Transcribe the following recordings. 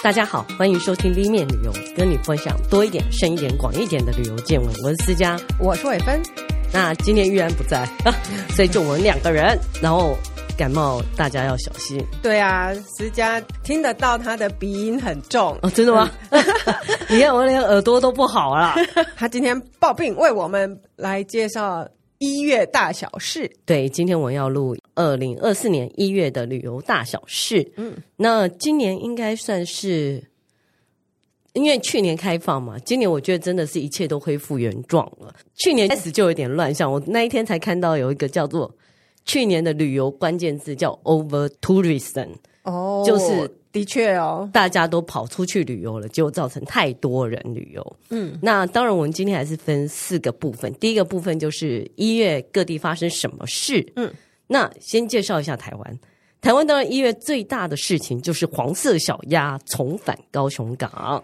大家好，歡迎收聽《B 面旅遊》，跟你分享多一點、深一點、廣一點的旅遊見聞。我是思佳，我是偉芬。那今天依然不在，所以就我們兩個人。 然後感冒，大家要小心。對啊，思佳聽得到，他的鼻音很重。哦，真的嗎？ 你看我連耳朵都不好了。 他今天抱病為我們來介紹一月大小事。對，今天我要錄。二零二四年一月的旅遊大小事。嗯，那今年應該算是，因為去年開放嘛，今年我覺得真的是一切都恢復原狀了。去年開始就有點亂象，我那一天才看到有一個叫做去年的旅遊關鍵字叫 overtourism 哦，就是的確哦，大家都跑出去旅遊了，結果造成太多人旅遊。嗯，那當然，我們今天還是分四個部分。第一個部分就是一月各地發生什麼事。嗯。那先介紹一下臺灣。臺灣當然一月最大的事情就是黃色小鴨重返高雄港，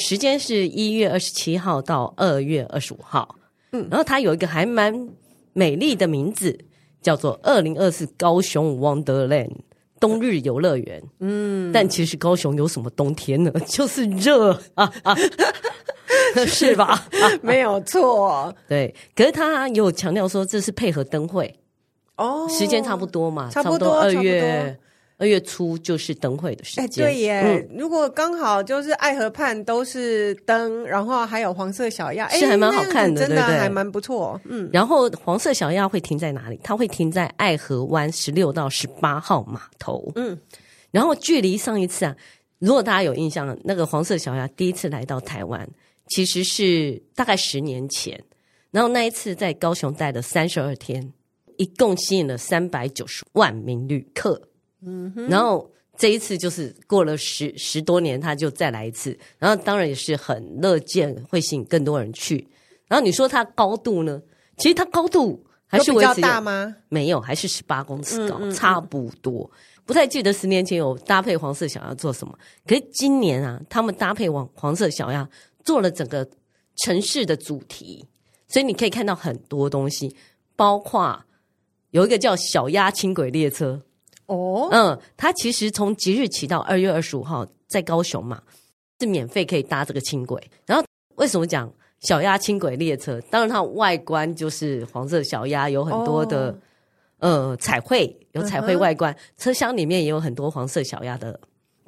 時間是一月二十七號到二月二十五號。嗯，然後它有一個還蠻美麗的名字，叫做二零二四高雄 Wonderland 冬日遊樂園。嗯，但其實高雄有什麼冬天呢？就是熱啊啊，啊 是吧？啊，沒有錯，對。可是他有強調說這是配合燈會。哦、oh，時間差不多嘛，差不多二月二月初就是燈會的時間。欸。對耶，嗯、如果剛好就是愛河畔都是燈，然後還有黃色小鴨，是還蠻好看的，欸，真的還，還蠻不錯。嗯。然後黃色小鴨會停在哪裡？它會停在愛河灣十六到十八號碼頭。嗯。然後距離上一次啊，如果大家有印象，那個黃色小鴨第一次來到台灣，其實是大概十年前。然後那一次在高雄待了三十二天。一共吸引了三百九十萬名旅客，嗯哼，然後這一次就是過了十十多年，他就再來一次，然後當然也是很樂見會吸引更多人去。然後你說它高度呢？其實它高度還是有比較大嗎？沒有，還是十八公尺高，嗯嗯嗯，差不多。不太記得十年前有搭配黃色小鴨做什麼，可是今年啊，他們搭配黃黃色小鴨做了整個城市的主題，所以你可以看到很多東西，包括。有一個叫小鴨輕軌列車，哦、oh?，嗯，它其實從即日起到二月二十五號，在高雄嘛是免費可以搭這個輕軌。然後為什麼講小鴨輕軌列車？當然它外觀就是黃色小鴨，有很多的、oh. 呃彩繪，有彩繪外觀，uh -huh. 車廂裡面也有很多黃色小鴨的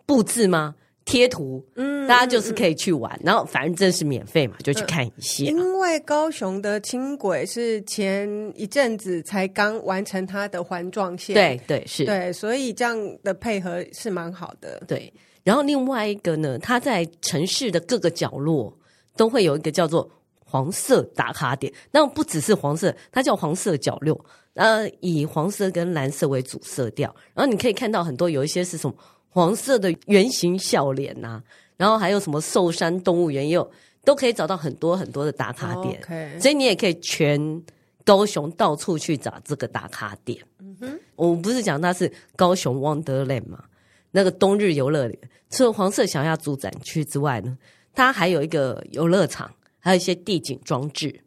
布置嗎？貼圖，嗯，大家就是可以去玩，嗯嗯、然後反正這是免費嘛，就去看一些、呃。因為高雄的輕軌是前一陣子才剛完成它的環狀線，對對是，對，所以這樣的配合是蠻好的。對，然後另外一個呢，它在城市的各個角落都會有一個叫做黃色打卡點，那不只是黃色，它叫黃色角落，呃，以黃色跟藍色為主色調，然後你可以看到很多有一些是什麼。黃色的圓形笑臉吶、啊，然後還有什麼壽山動物園也有，都可以找到很多很多的打卡點。Okay. 所以你也可以全高雄到處去找這個打卡點。嗯哼，我不是講它是高雄 Wonderland 嘛，那個冬日遊樂園，除了黃色小鴨主展區之外呢，它還有一個遊樂場，還有一些地景裝置。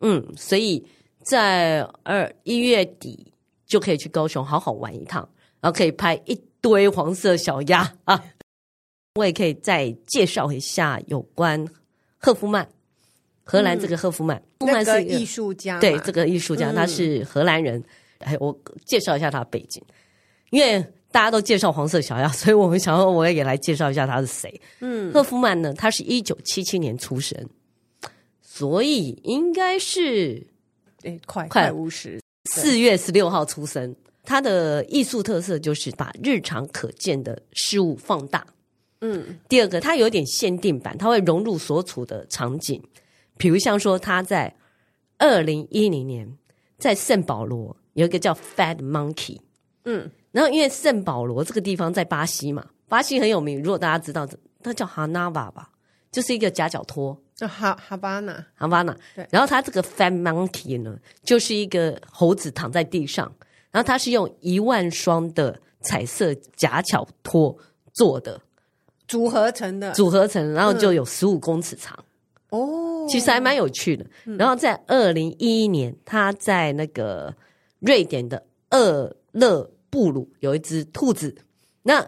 嗯，所以在二一月底就可以去高雄好好玩一趟，然後可以拍一。作為黃色小鴨啊，我也可以再介紹一下有關赫夫曼，荷蘭這個赫夫曼，赫夫、嗯、曼是、那個、藝術家，對，這個藝術家、嗯、他是荷蘭人。哎，我介紹一下他的背景，因為大家都介紹黃色小鴨，所以我們想要我也也來介紹一下他是誰。嗯，赫夫曼呢，他是一九七七年出生，所以應該是哎快快五十，四月十六號出生。它的藝術特色就是把日常可見的事物放大。嗯，第二個，它有點限定版，它會融入所處的場景，比如像說，他在二零一零年在聖保羅有一個叫 Fat Monkey。嗯，然後因為聖保羅這個地方在巴西嘛，巴西很有名，如果大家知道，那叫 Havana 吧，就是一個夾腳拖，就哈哈巴納，哈巴納。對，然後它這個 Fat Monkey 呢，就是一個猴子躺在地上。然後它是用一萬雙的彩色夾腳拖做的，組合成的，組合成，然後就有十五公尺長。哦、嗯，其實還蠻有趣的。嗯、然後在二零一一年，他在那個瑞典的厄勒布魯有一隻兔子。那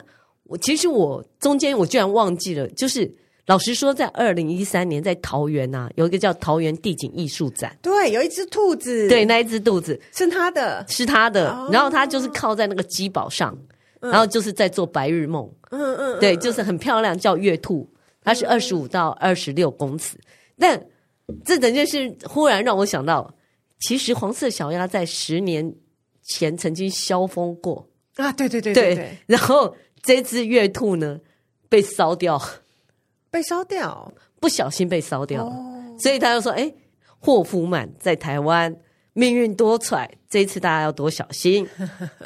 我其實我中間我居然忘記了，就是。老實說，在二零一三年，在桃園吶、啊，有一個叫桃園地景藝術展，對，有一隻兔子，對，那一隻兔子是他的，是他的、哦，然後他就是靠在那個機堡上，嗯、然後就是在做白日夢，嗯嗯，嗯，對，就是很漂亮，叫月兔，它是二十五到二十六公尺，嗯、但這整件事忽然讓我想到，其實黃色小鴨在十年前曾經消風過啊，對對對對，對，對，然後這隻月兔呢被燒掉。被燒掉，不小心被燒掉、oh. 所以他就說：“哎、欸，霍夫曼在台灣命運多舛，這一次大家要多小心。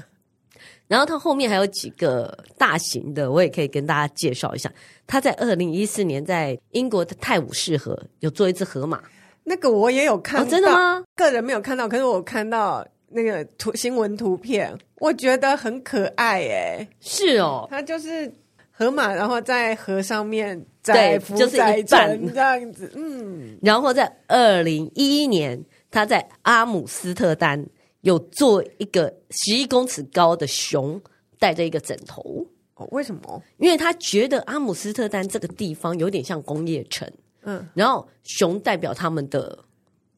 ”然後他後面還有幾個大型的，我也可以跟大家介紹一下。他在二零一四年在英國的泰晤士河有做一隻河馬，那個我也有看到、哦，真的嗎？個人沒有看到，可是我看到那個圖新聞圖片，我覺得很可愛、欸。哎，是哦，他就是河馬，然後在河上面。對，對，就是一半這樣子，嗯。然後在二零一一年，他在阿姆斯特丹有做一個十一公尺高的熊，帶着一個枕頭。哦，為什麼？因為他覺得阿姆斯特丹這個地方有點像工業城，嗯。然後熊代表他們的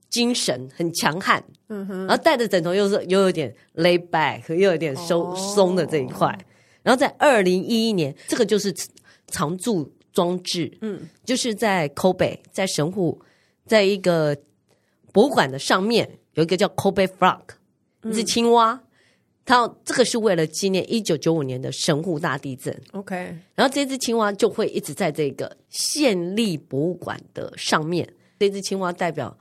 精神很強悍，嗯哼。然後帶着枕頭又是又有點 lay back，又有點收鬆，哦，鬆的這一塊。然後在二零一一年，這個就是常駐。裝置，嗯，就是在 Kobe，在神戶，在一個博物館的上面有一個叫 Kobe Frog，一只青蛙，嗯、它這個是為了紀念一九九五年的神戶大地震。OK，然後這只青蛙就會一直在這個縣立博物館的上面，這只青蛙代表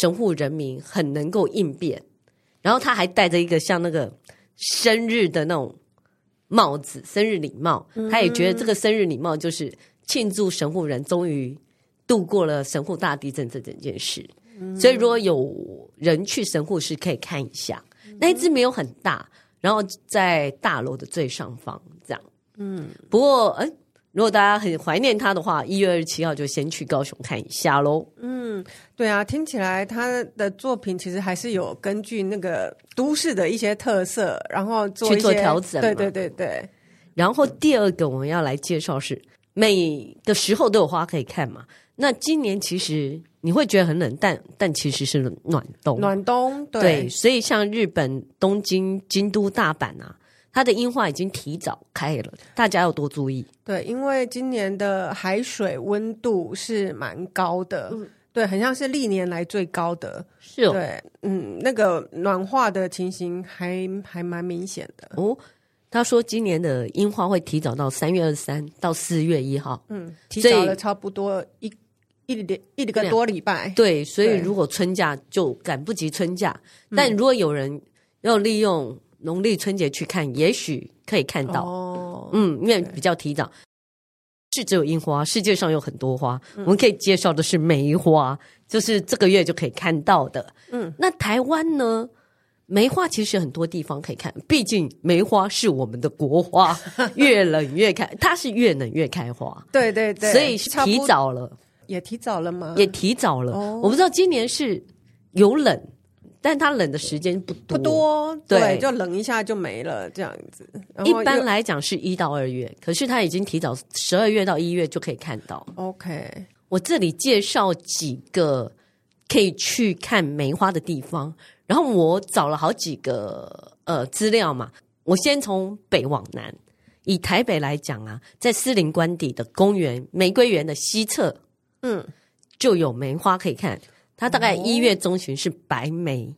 神戶人民很能夠應變，然後他還戴着一個像那個生日的那種帽子，生日禮帽，他、嗯嗯、也覺得這個生日禮帽就是。慶祝神戶人終於度過了神戶大地震這整件事，嗯、所以如果有人去神戶，是可以看一下。嗯、那一隻沒有很大，然後在大樓的最上方這樣。嗯，不過，誒，如果大家很懷念他的話，一月二十七號就先去高雄看一下嘍。嗯，對啊，聽起來他的作品其實還是有根據那個都市的一些特色，嗯、然後做去做調整。對對對對。然後第二個我們要來介紹是。每個時候都有花可以看嘛？那今年其實你會覺得很冷，但但其實是暖冬，暖冬，對，對。所以像日本東京、京都、大阪啊，它的櫻花已經提早開了，大家要多注意。對，因為今年的海水溫度是蠻高的，嗯，對，很像是歷年來最高的，是哦，對，嗯，那個暖化的情形，還還蠻明顯的哦。他說，今年的櫻花會提早到三月二三到四月一號，嗯，提早了差不多一一,一,一個多禮拜。對，所以如果春假就趕不及春假，但如果有人要利用農曆春節去看，嗯、也許可以看到哦。嗯，因為比較提早，是只有櫻花，世界上有很多花，嗯，我們可以介紹的是梅花，就是這個月就可以看到的。嗯，那台灣呢？梅花其實很多地方可以看，畢竟梅花是我們的國花， 越冷越開，它是越冷越開花。 對對對，所以是提早了，也提早了嗎？也提早了。Oh, 我不知道今年是有冷，但它冷的時間不多，不多，哦對，對，就冷一下就沒了這樣子。一般來講是一到二月，可是它已經提早十二月到一月就可以看到。OK，我這裡介紹幾個可以去看梅花的地方。然後我找了好幾個呃資料嘛，我先從北往南，以台北來講啊，在士林官邸的公園玫瑰園的西側，嗯，就有梅花可以看。它大概一月中旬是白梅。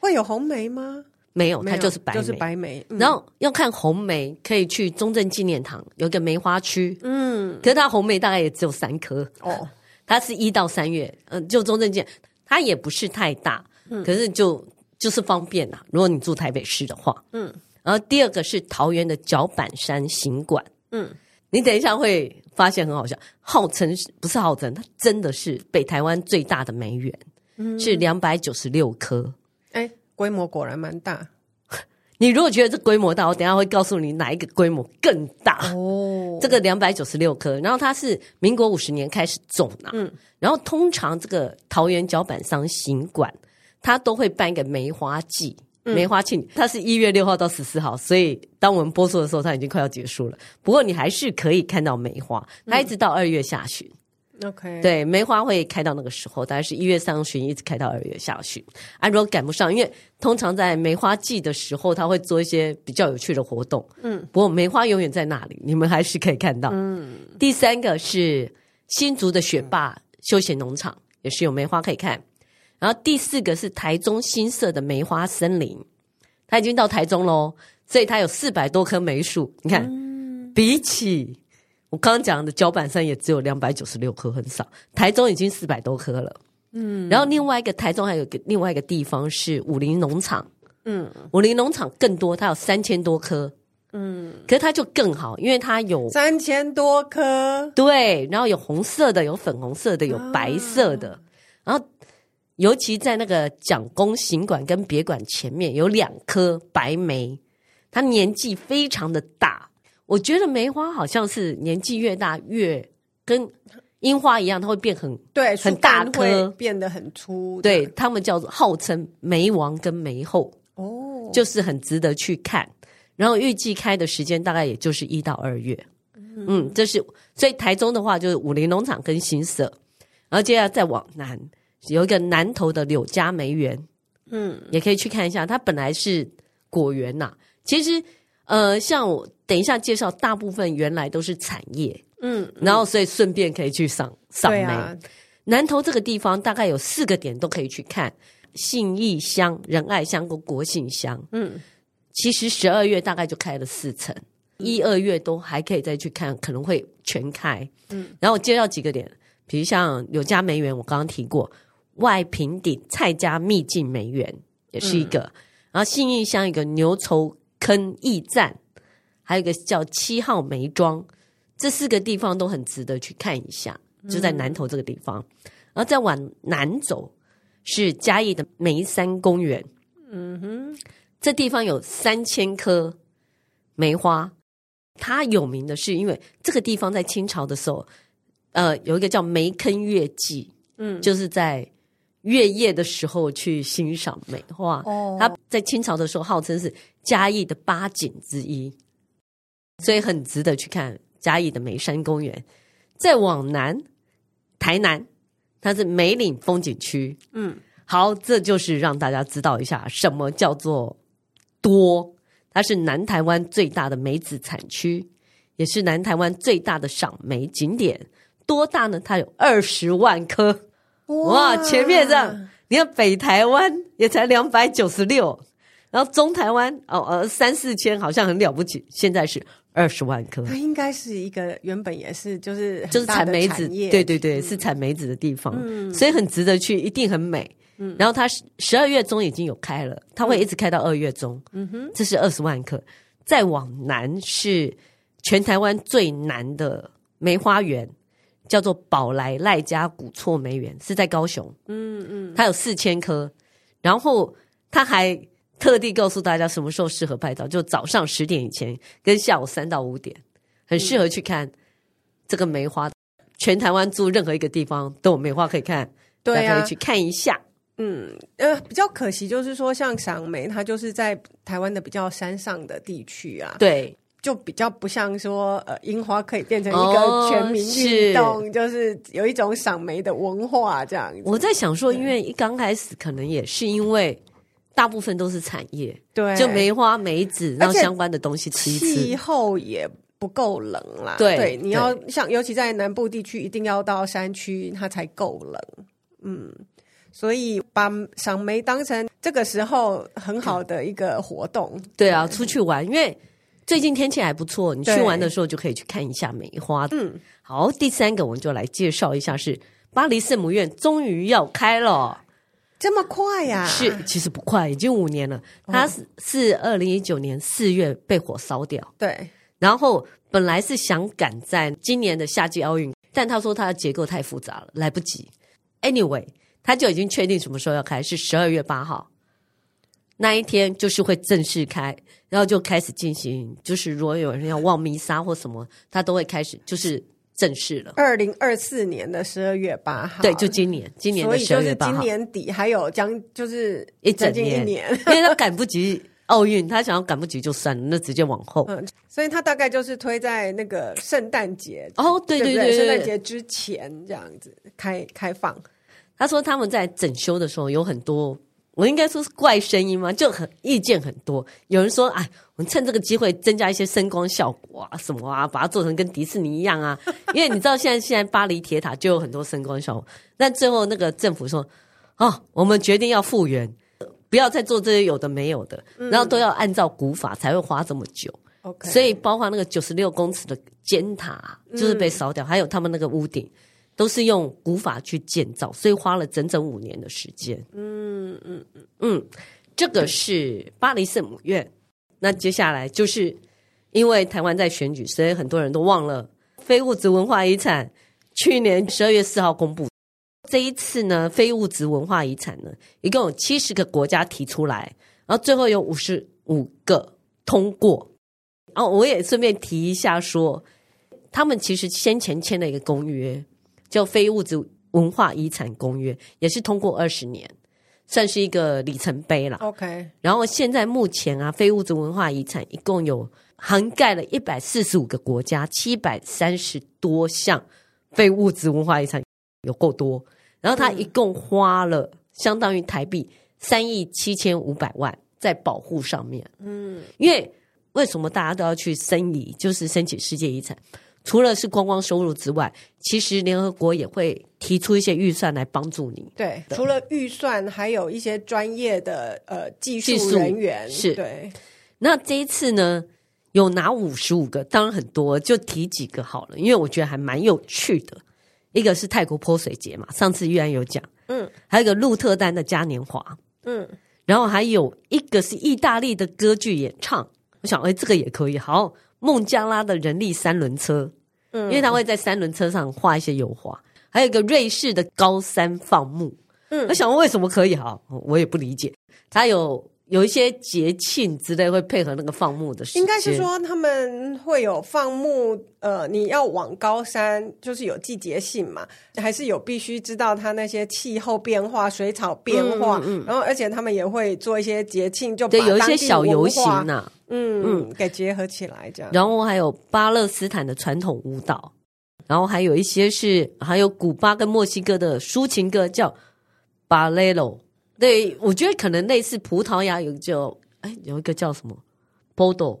會有紅梅嗎？沒有，它就是白梅，就是白梅。然後要看紅梅，可以去中正紀念堂有個梅花區，嗯，可是它紅梅大概也只有三棵哦，它是一到三月，嗯、呃，就中正紀念，它也不是太大。可是就就是方便吶，如果你住台北市的話，嗯，然後第二個是桃園的角板山行館，嗯，你等一下會發現很好笑，號稱不是號稱，它真的是北台灣最大的梅園，嗯、嗯，是兩百九十六棵。哎、欸，規模果然蠻大。 你如果覺得這規模大，我等一下會告訴你哪一個規模更大哦，這個兩百九十六棵，然後它是民國五十年開始種的，啊，嗯，然後通常這個桃園角板山行館。他都會辦一個梅花季、梅花慶他、嗯、是一月六號到十四號，所以當我們播出的時候，他已經快要結束了。不過你還是可以看到梅花，他一直到二月下旬。OK，、嗯、對，梅花會開到那個時候，大概是一月上旬一直開到二月下旬。啊，如果趕不上，因為通常在梅花季的時候，他會做一些比較有趣的活動。嗯，不過梅花永遠在那裡，你們還是可以看到。嗯，第三個是新竹的雪霸、嗯、休閒農場，也是有梅花可以看。然後第四個是台中新社的梅花森林，它已經到台中嘍，所以它有四百多棵梅樹。你看，嗯、比起我剛剛講的角板山也只有兩百九十六棵，很少。台中已經四百多棵了。嗯，然後另外一個台中還有個另外一個地方是武陵農場。嗯，武陵農場更多，它有三千多棵。嗯，可是它就更好，因為它有三千多棵。對，然後有紅色的，有粉紅色的，有白色的，哦、然後。尤其在那個蔣公行館跟別館前面有兩棵白梅，它年紀非常的大。我覺得梅花好像是年紀越大越跟櫻花一樣，它會變很，對，很大棵，會變得很粗。對，他們叫做號稱梅王跟梅後哦，就是很值得去看。然後預計開的時間大概也就是一到二月。嗯，嗯，這是所以台中的話就是武陵農場跟新社，然後接下來再往南。有一個南投的柳家梅園，嗯，也可以去看一下。它本來是果園吶、啊，其實，呃，像我等一下介紹，大部分原來都是產業，嗯，嗯然後所以順便可以去賞賞梅、啊。南投這個地方大概有四個點都可以去看：信義鄉、仁愛鄉和國姓鄉。嗯，其實十二月大概就開了四成、嗯、一、二月都還可以再去看，可能會全開。嗯，然後我介紹幾個點，比如像柳家梅園，我剛剛提過。外平頂蔡家秘境梅園也是一個，嗯、然後信義鄉一個牛稠坑驛站，還有一個叫七號梅莊，這四個地方都很值得去看一下，嗯，就在南投這個地方。然後再往南走是嘉義的梅山公園，嗯哼，這地方有三千棵梅花，它有名的是因為這個地方在清朝的時候，呃，有一個叫梅坑月季，嗯，就是在。月夜的時候去欣賞梅花，哦，它在清朝的時候號稱是嘉義的八景之一，所以很值得去看嘉義的梅山公園。再往南，台南，它是梅嶺風景區，嗯，好，這就是讓大家知道一下什麼叫做多。它是南台灣最大的梅子產區，也是南台灣最大的賞梅景點。多大呢？它有二十萬棵。哇，前面這樣，你看北台灣也才兩百九十六，然後中台灣哦哦三四千，好像很了不起。現在是二十萬棵，它應該是一個原本也是就是產就是產梅子，對對對，是產梅子的地方。嗯，所以很值得去，一定很美。嗯，然後它十二月中已經有開了，它會一直開到二月中。嗯哼，這是二十萬棵。再往南是全台灣最南的梅花園。叫做寶來賴家古厝梅園，是在高雄。嗯嗯，它有四千棵，然後他還特地告訴大家什麼時候適合拍照，就早上十點以前跟下午三到五點，很適合去看這個梅花。嗯、全台灣住任何一個地方都有梅花可以看，啊、大家可以去看一下。嗯呃，比較可惜就是說，像賞梅，它就是在台灣的比較山上的地區啊。對。就比較不像說，呃，櫻花可以變成一個全民運動，oh，就是有一種賞梅的文化這樣子。我在想說，因為一剛開始可能也是因為大部分都是產業，對，就梅花、梅子，然後相關的東西吃吃，氣候也不夠冷啦，對。對，你要像尤其在南部地區，一定要到山區，它才夠冷。嗯，所以把賞梅當成這個時候很好的一個活動。嗯、對啊、嗯，出去玩，因為。最近天氣還不錯，你去玩的時候就可以去看一下梅花的。嗯，好，第三個我們就來介紹一下是，是巴黎聖母院終於要開了，這麼快呀？啊？是，其實不快，已經五年了。他是是二零一九年四月被火燒掉，對。然後本來是想趕在今年的夏季奧運，但他說他的結構太複雜了，來不及。Anyway，他就已經確定什麼時候要開，是十二月八號。那一天就是會正式開，然後就開始進行，就是如果有人要望彌撒或什麼，他都會開始就是正式了。二零二四年的十二月八號，對，就今年今年的十二月八號。所以就是今年底還有將就是一整年，年 因為他趕不及奧運，他想要趕不及就算了，那直接往後。嗯，所以他大概就是推在那個聖誕節哦，對對對，對，對，聖誕節之前這樣子開開放。他說他們在整修的時候有很多。我應該說是怪聲音嗎？就很意見很多，有人說哎，我們趁這個機會增加一些聲光效果啊，什麼啊，把它做成跟迪士尼一樣啊。 因為你知道，現在現在巴黎鐵塔就有很多聲光效果。那最後那個政府說啊、哦，我們決定要復原，不要再做這些有的沒有的，嗯、然後都要按照古法才會花這麼久。Okay. 所以包括那個九十六公尺的尖塔就是被燒掉、嗯，還有他們那個屋頂。都是用古法去建造，所以花了整整五年的時間。嗯嗯嗯嗯，這個是巴黎聖母院。那接下來就是，因為台灣在選舉，所以很多人都忘了非物質文化遺產。去年十二月四號公布，這一次呢非物質文化遺產呢，一共有七十個國家提出來，然後最後有五十五個通過。然後我也順便提一下說，他們其實先前簽了一個公約。叫《非物質文化遺產公約》也是通過二十年，算是一個里程碑啦。OK，然後現在目前啊，非物質文化遺產一共有涵蓋了一百四十五個國家，七百三十多項非物質文化遺產有夠多。然後它一共花了相當於台幣三億七千五百萬在保護上面。嗯，因為為什麼大家都要去申遺？就是申請世界遺產。除了是觀光，光收入之外，其實聯合國也會提出一些預算來幫助你。對，對，除了預算，還有一些專業的呃技術人員術。是。對。那這一次呢，有拿五十五個，當然很多，就提幾個好了，因為我覺得還蠻有趣的。一個是泰國潑水節嘛，上次依然有講。嗯。還有一個鹿特丹的嘉年華。嗯。然後還有一個是意大利的歌劇演唱，我想，哎，這個也可以。好，孟加拉的人力三輪車。嗯，因為他會在三輪車上畫一些油畫，還有一個瑞士的高山放牧，嗯，我想問為什麼可以哈？我也不理解。他有。有一些節慶之類會配合那個放牧的事，應該是說他們會有放牧，呃，你要往高山，就是有季節性嘛，還是有必須知道它那些氣候變化、水草變化，嗯嗯，然後而且他們也會做一些節慶，就把有一些小遊行吶、啊，嗯嗯，給結合起來這樣。然後還有巴勒斯坦的傳統舞蹈，然後還有一些是還有古巴跟墨西哥的抒情歌叫 Bolero 對，我覺得可能類似葡萄牙有就，哎，有一個叫什麼波多，Bodo,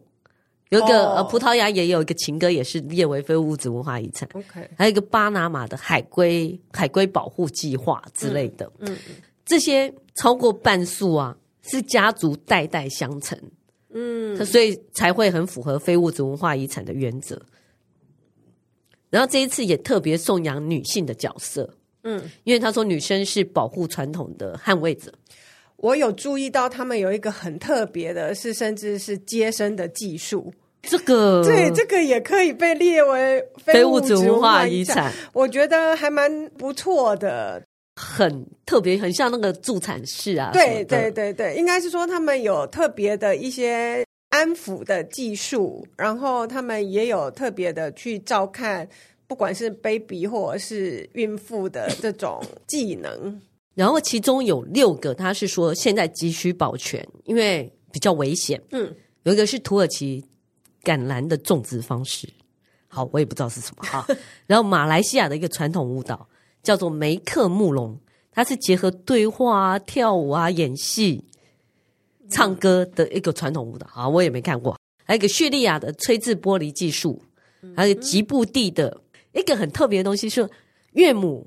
有一個、oh. 呃、葡萄牙也有一個情歌也是列為非物質文化遺產。OK，還有一個巴拿馬的海龜海龜保護計劃之類的。嗯嗯，這些超過半數啊是家族代代相承，嗯，所以才會很符合非物質文化遺產的原則。然後這一次也特別頌揚女性的角色。嗯，因為他說女生是保護傳統的捍衛者。我有注意到他們有一個很特別的，是甚至是接生的技術。這個 對，這個也可以被列為非物質文化遺產，我覺得還蠻不錯的。很特別，很像那個助產士啊什麼的。對對對對，應該是說他們有特別的一些安撫的技術，然後他們也有特別的去照看，不管是 baby 或者是孕婦的這種技能，然後其中有六個，他是說現在急需保全，因為比較危險。嗯，有一個是土耳其橄欖的種植方式，好，我也不知道是什麼哈。 然後馬來西亞的一個傳統舞蹈叫做梅克木隆，它是結合對話、啊、跳舞啊、演戲、唱歌的一個傳統舞蹈。嗯、好，我也沒看過。還有一個敘利亞的吹制玻璃技術、嗯，還有吉布地的。一個很特別的東西，是岳母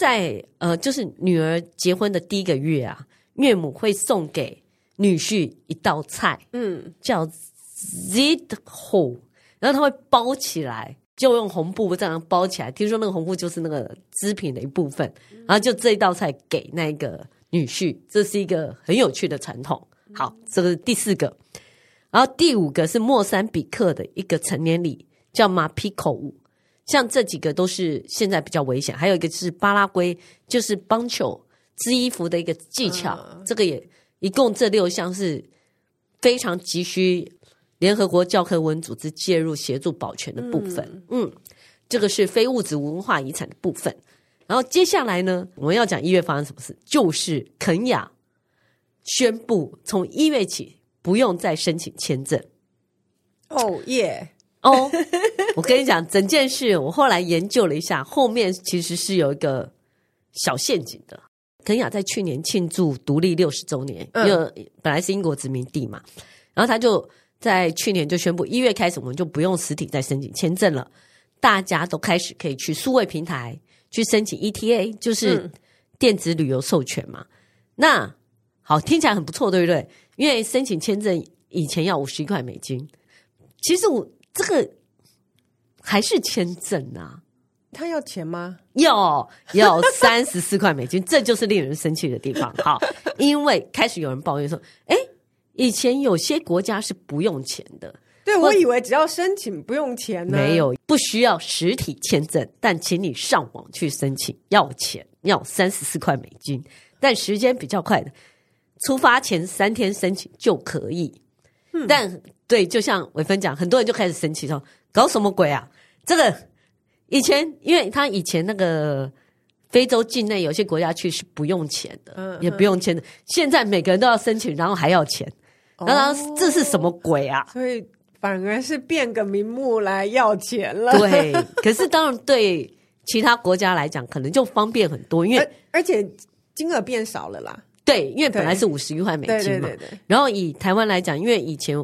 在呃，就是女兒結婚的第一個月啊，岳母會送給女婿一道菜，嗯，叫 zito，然後她會包起來，就用紅布這樣包起來。聽說那個紅布就是那個織品的一部分、嗯，然後就這一道菜給那個女婿，這是一個很有趣的傳統。嗯、好，這個是第四個，然後第五個是莫桑比克的一個成年禮，叫馬皮口舞。像這幾個都是現在比較危險，還有一個是巴拉圭，就是棒球織衣服的一個技巧，啊、這個也一共這六項是非常急需聯合國教科文組織介入協助保全的部分。嗯，嗯，這個是非物質文化遺產的部分。然後接下來呢，我們要講一月發生什麼事，就是肯亞宣布從一月起不用再申請簽證。哦耶！哦、oh,，我跟你講，整件事我後來研究了一下，後面其實是有一個小陷阱的。肯亞在去年慶祝獨立六十週年，嗯，因為本來是英國殖民地嘛，然後他就在去年就宣布，一月開始我們就不用實體再申請簽證了，大家都開始可以去數位平台去申請 ETA，就是電子旅遊授權嘛。嗯、那好，聽起來很不錯，對不對？因為申請簽證以前要五十一塊美金，其實我。這個還是簽證啊？他要錢嗎？要要三十四塊美金， 這就是令人生氣的地方。好，因為開始有人抱怨說：“哎，以前有些國家是不用錢的。”對，對，我，我以為只要申請不用錢呢。沒有，不需要實體簽證，但請你上網去申請，要錢要三十四塊美金，但時間比較快的，出發前三天申請就可以。但對，就像偉芬講，很多人就開始生氣說：“搞什麼鬼啊？這個以前，因為他以前那個非洲境內有些國家去是不用錢的，嗯、也不用錢的、嗯。現在每個人都要申請，然後還要錢，當然、哦、這是什麼鬼啊？所以反而是變個名目來要錢了。對，可是當然對其他國家來講，可能就方便很多，因為而且金額變少了啦。”對，因為本來是五十一塊美金嘛，對對對對對，然後以台灣來講，因為以前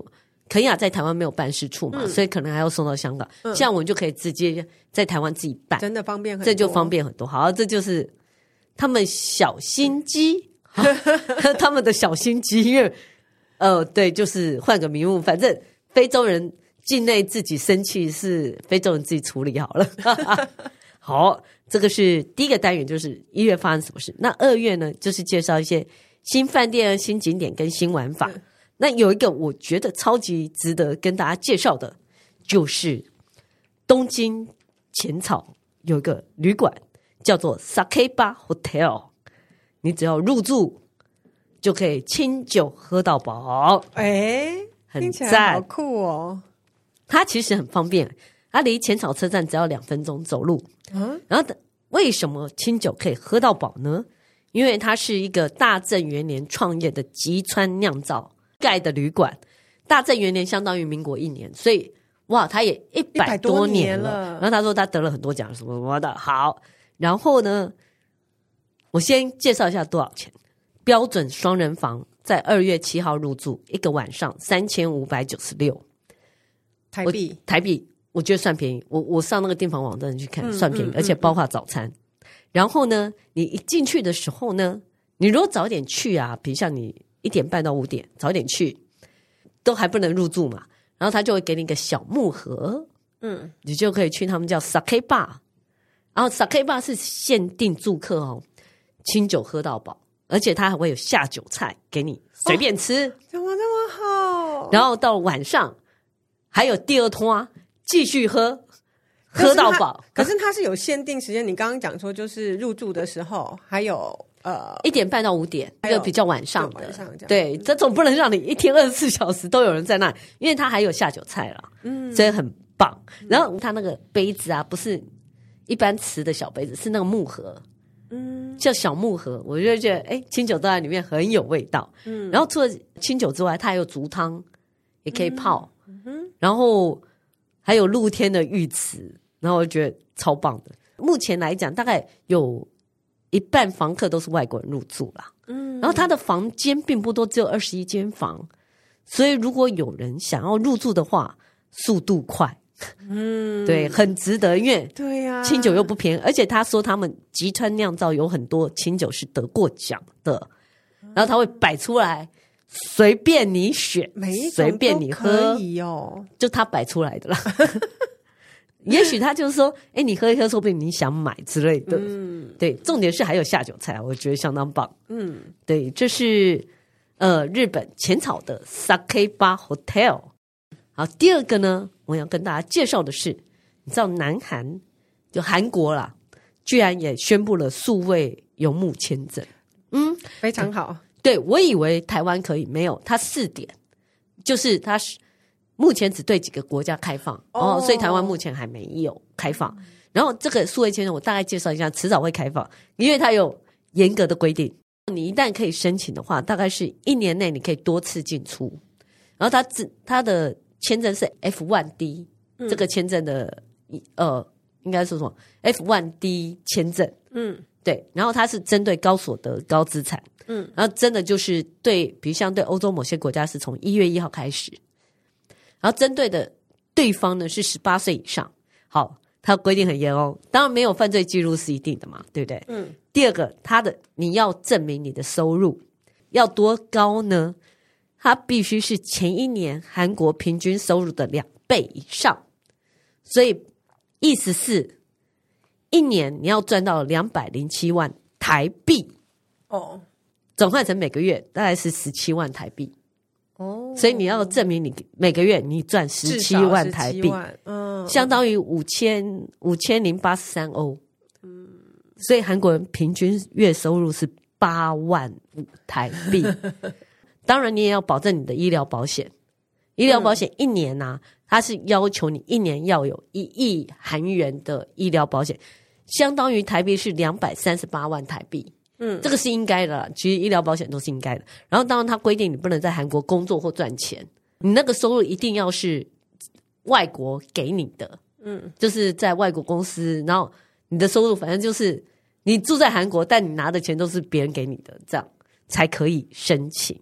肯亞在台灣沒有辦事處嘛、嗯，所以可能還要送到香港，現、嗯、在我們就可以直接在台灣自己辦，真的方便很多，這就方便很多。好，這就是他們小心機，嗯、哈 他們的小心機，因為呃，對，就是換個名目，反正非洲人境內自己生氣是非洲人自己處理好了。 好，這個是第一個單元，就是一月發生什麼事。那二月呢，就是介紹一些新飯店、新景點跟新玩法。那有一個我覺得超級值得跟大家介紹的，就是東京淺草有一個旅館叫做 Sake Bar Hotel，你只要入住就可以清酒喝到飽。哎，很贊，聽起來好酷哦！它其實很方便。它離淺草車站只要兩分鐘走路。嗯，然後為什麼清酒可以喝到飽呢？因為它是一個大正元年創業的吉川釀造蓋的旅館。大正元年相當於民國一年，所以哇，他也一百多，多年了。然後他說他得了很多獎，什麼什麼的。好，然後呢，我先介紹一下多少錢。標準雙人房在二月七號入住，一個晚上三千五百九十六台幣。台幣。我覺得算便宜，我我上那個訂房網站去看，嗯，算便宜，而且包括早餐，嗯嗯嗯。然後呢，你一進去的時候呢，你如果早點去啊，比如像你一點半到五點早點去，都還不能入住嘛，然後他就會給你一個小木盒，嗯，你就可以去他們叫 Sake Bar 然後 Sake Bar 是限定住客哦，清酒喝到飽，而且他還會有下酒菜給你隨便吃，哦，怎麼這麼好？然後到晚上還有第二通啊。繼續喝，喝到飽。可是它是有限定時間， 你剛剛講說就是入住的時候，還有呃一點半到五點還有，就比較晚上的晚上對，這總不能讓你一天二十四小時都有人在那，因為他還有下酒菜啦。嗯，所以很棒。然後他那個杯子啊，不是一般瓷的小杯子，是那個木盒，嗯，叫小木盒。我就覺得，哎、欸，清酒倒在裡面很有味道。嗯，然後除了清酒之外，它還有足湯，也可以泡。嗯，然後。還有露天的浴池，然後我覺得超棒的。目前來講，大概有一半房客都是外國人入住啦。嗯。然後他的房間並不多，只有二十一間房，所以如果有人想要入住的話，速度快，嗯， 對，很值得，因為對呀，清酒又不便宜，啊、而且他說他們吉川釀造有很多清酒是得過獎的，然後他會擺出來。隨便你選，隨、哦、便你喝，就他擺出來的啦。 也許他就是說，哎、欸，你喝一喝，說不定你想買之類的。嗯，對，重點是還有下酒菜，我覺得相當棒。嗯，對，這是呃日本淺草的 Sake Bar Hotel。好，第二個呢，我要跟大家介紹的是，你知道南韓就韓國啦，居然也宣布了數位遊牧簽證。嗯，非常好。對，我以為台灣可以，沒有，它四點，就是它是目前只對幾個國家開放、oh. 哦，所以台灣目前還沒有開放。然後這個數位簽證，我大概介紹一下，遲早會開放，因為它有嚴格的規定。你一旦可以申請的話，大概是一年內你可以多次進出。然後它只，他的簽證是 F One D，、嗯、這個簽證的呃，應該說什麼 F One D 簽證？嗯。對，然後它是針對高所得、高資產，嗯，然後真的就是對，比如像對歐洲某些國家是從一月一號開始，然後針對的對方呢是十八歲以上，好，它規定很嚴哦，當然沒有犯罪記錄是一定的嘛，對不對？嗯，第二個，他的你要證明你的收入要多高呢？它必須是前一年韓國平均收入的兩倍以上，所以意思是。一年你要賺到兩百零七萬台幣，哦，轉換成每個月大概是十七萬台幣，哦，所以你要證明你每個月你賺十七萬台幣，嗯，相當於五千五千零八十三歐，嗯，所以韓國人平均月收入是八萬台幣， 當然你也要保證你的醫療保險，醫療保險一年啊。嗯他是要求你一年要有一億韓元的醫療保險，相當於台幣是兩百三十八萬台幣。嗯，這個是應該的啦，其實醫療保險都是應該的。然後當然他規定你不能在韓國工作或賺錢，你那個收入一定要是外國給你的。嗯，就是在外國公司，然後你的收入反正就是你住在韓國，但你拿的錢都是別人給你的，這樣才可以申請。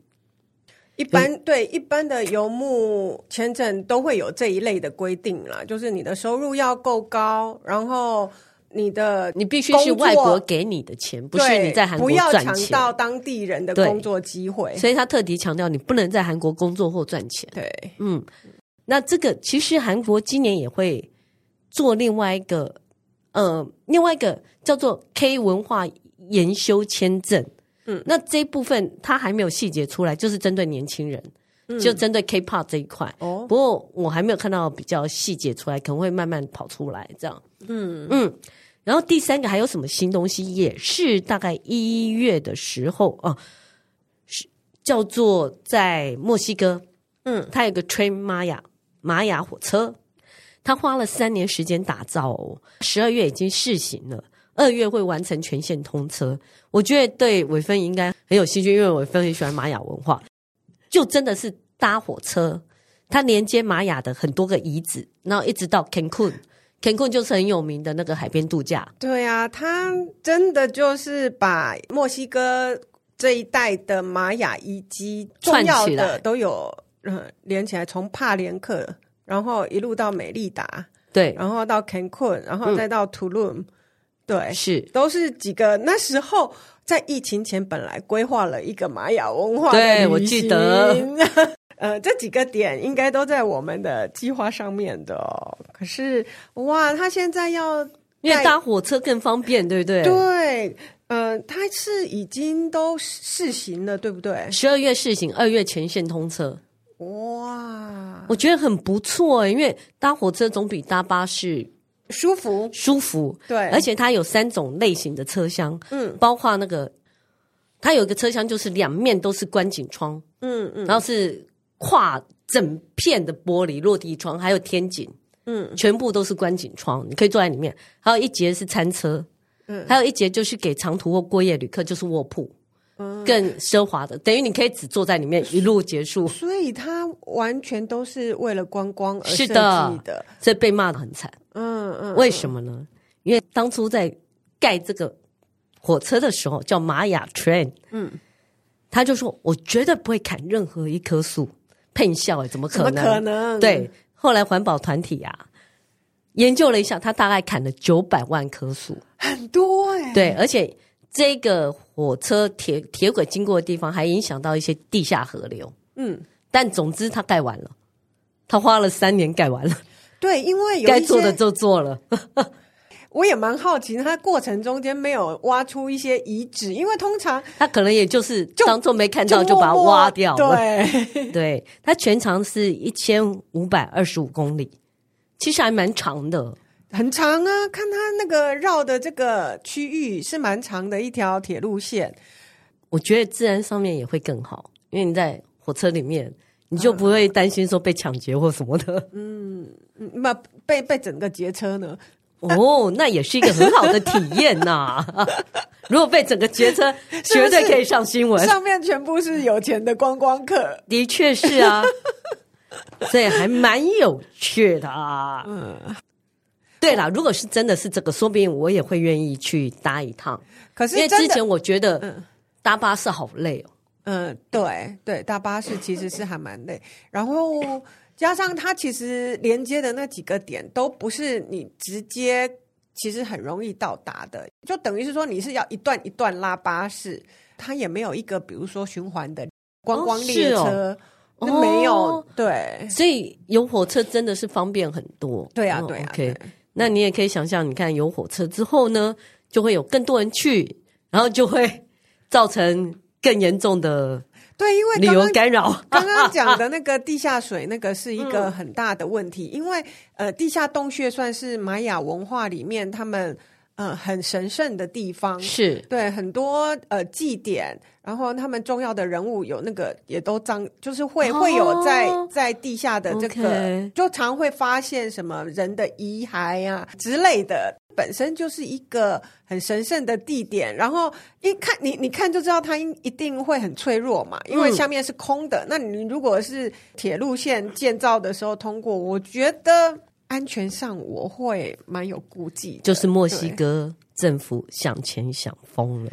一般對一般的游牧簽證都會有這一類的規定啦，就是你的收入要夠高，然後你的你必須是外國給你的錢，不是你在韓國賺錢。不要搶到當地人的工作機會，所以他特地強調你不能在韓國工作或賺錢。對，嗯，那這個其實韓國今年也會做另外一個，呃，另外一個叫做 K 文化研修簽證。嗯，那這一部分他還沒有細節出來，就是針對年輕人，嗯、就針對 K-pop 這一塊。哦，不過我還沒有看到比較細節出來，可能會慢慢跑出來這樣。嗯嗯，然後第三個還有什麼新東西，也是大概一月的時候哦、啊，是叫做在墨西哥，嗯，他有個 Train Maya 瑪雅火車，他花了三年時間打造，哦，十二月已經試行了。二月會完成全線通車，我覺得對偉芬應該很有興趣，因為偉芬很喜歡瑪雅文化。就真的是搭火車，它連接瑪雅的很多個遺址，然後一直到 Cancun，Cancun 就是很有名的那個海邊度假。對啊，他真的就是把墨西哥這一帶的瑪雅遺跡重要的都有，嗯，連起來，從帕連克，然後一路到美利達，對，然後到 Cancun，然後再到 Tulum，嗯。對，是都是幾個那時候在疫情前本來規劃了一個瑪雅文化，對，我記得 呃，這幾個點應該都在我們的計劃上面的哦。可是哇，他現在要因為搭火車更方便，對不對？對，呃，他是已經都試行了，對不對？十二月試行，二月全線通車。哇，我覺得很不錯，因為搭火車總比搭巴士。舒服，舒服。對，而且它有三種類型的車廂，嗯，包括那個，它有一個車廂就是兩面都是觀景窗，嗯嗯，然後是跨整片的玻璃落地窗，還有天井，嗯，全部都是觀景窗，你可以坐在裡面。還有一節是餐車，嗯，還有一節就是給長途或過夜旅客，就是臥鋪，嗯，更奢華的，等於你可以只坐在裡面一路結束。所以他完全都是為了觀光而設計的，這被罵的很慘。嗯嗯，為什麼呢？嗯、因為當初在蓋這個火車的時候叫瑪雅 Train，嗯，他就說我絕對不會砍任何一棵樹。噴笑哎、欸，怎麼可能？怎麼可能？對，嗯、後來環保團體啊研究了一下，他大概砍了九百萬棵樹，很多哎、欸。對，而且這個火車鐵鐵軌經過的地方還影響到一些地下河流，嗯。但總之他蓋完了，他花了三年蓋完了。對，因為有一些該做的就做了， 我也蠻好奇，它過程中間沒有挖出一些遺址，因為通常他可能也就是當做沒看到，就把它挖掉了。 對，它全長是一千五百二十五公里，其實還蠻長的，很長啊。看它那個繞的這個區域是蠻長的一條鐵路線，我覺得自然上面也會更好，因為你在火車裡面，你就不會擔心說被搶劫或什麼的。嗯。那被被整個劫車呢？哦，那也是一個很好的體驗吶、啊。 如果被整個劫車是是，絕對可以上新聞。上面全部是有錢的觀光客，的確是啊。 所以還蠻有趣的啊。嗯，對啦、哦、如果是真的是這個，說不定我也會願意去搭一趟。可是因為之前我覺得搭巴士好累哦。嗯，對對，搭巴士其實是還蠻累。嗯、然後。加上它其實連接的那幾個點都不是你直接、其實很容易到達的，就等於是說你是要一段一段拉巴士，它也沒有一個比如說循環的觀光、光列車，哦哦、沒有、哦、對，所以有火車真的是方便很多。對啊對啊，啊，o、okay, 那你也可以想象，你看有火車之後呢，就會有更多人去，然後就會造成更嚴重的。對，因為剛剛剛剛講的那個地下水、啊、那個是一個很大的問題，嗯、因為呃，地下洞穴算是瑪雅文化裡面他們。嗯，很神聖的地方是，對很多呃祭典，然後他們重要的人物有那個也都髒，就是會、哦、會有在在地下的這個、okay，就常會發現什麼人的遺骸啊之類的，本身就是一個很神聖的地點，然後一看你你看就知道它一定會很脆弱嘛，因為下面是空的，嗯、那你如果是鐵路線建造的時候通過，我覺得。安全上我會蠻有顧忌，就是墨西哥政府想錢想瘋了，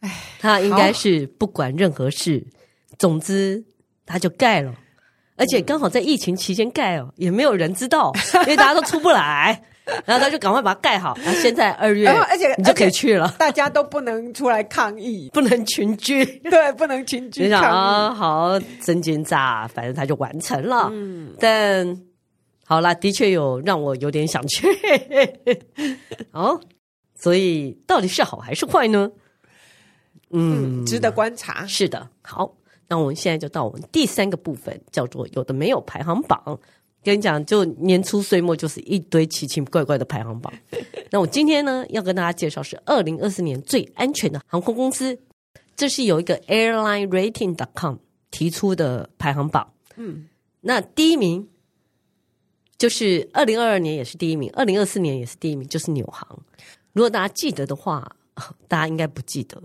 哎，他應該是不管任何事，總之他就蓋了，而且剛好在疫情期間蓋了，嗯、也沒有人知道，因為大家都出不來， 然後他就趕快把它蓋好。然後現在二月、呃，而且你就可以去了，大家都不能出來抗議，不能群居， 對，不能群居。你想啊，好真奸詐，反正他就完成了，嗯、但。好啦，的確有讓我有點想去。 好，所以到底是好還是壞呢嗯？嗯，值得觀察。是的，好，那我們現在就到我們第三個部分，叫做有的沒有排行榜。跟你講，就年初歲末就是一堆奇奇怪怪的排行榜。 那我今天呢，要跟大家介紹是二零二四年最安全的航空公司，這是有一個 airlinerating.com 提出的排行榜。嗯，那第一名。就是二零二二年也是第一名，二零二四年也是第一名，就是紐航。如果大家記得的話，大家應該不記得。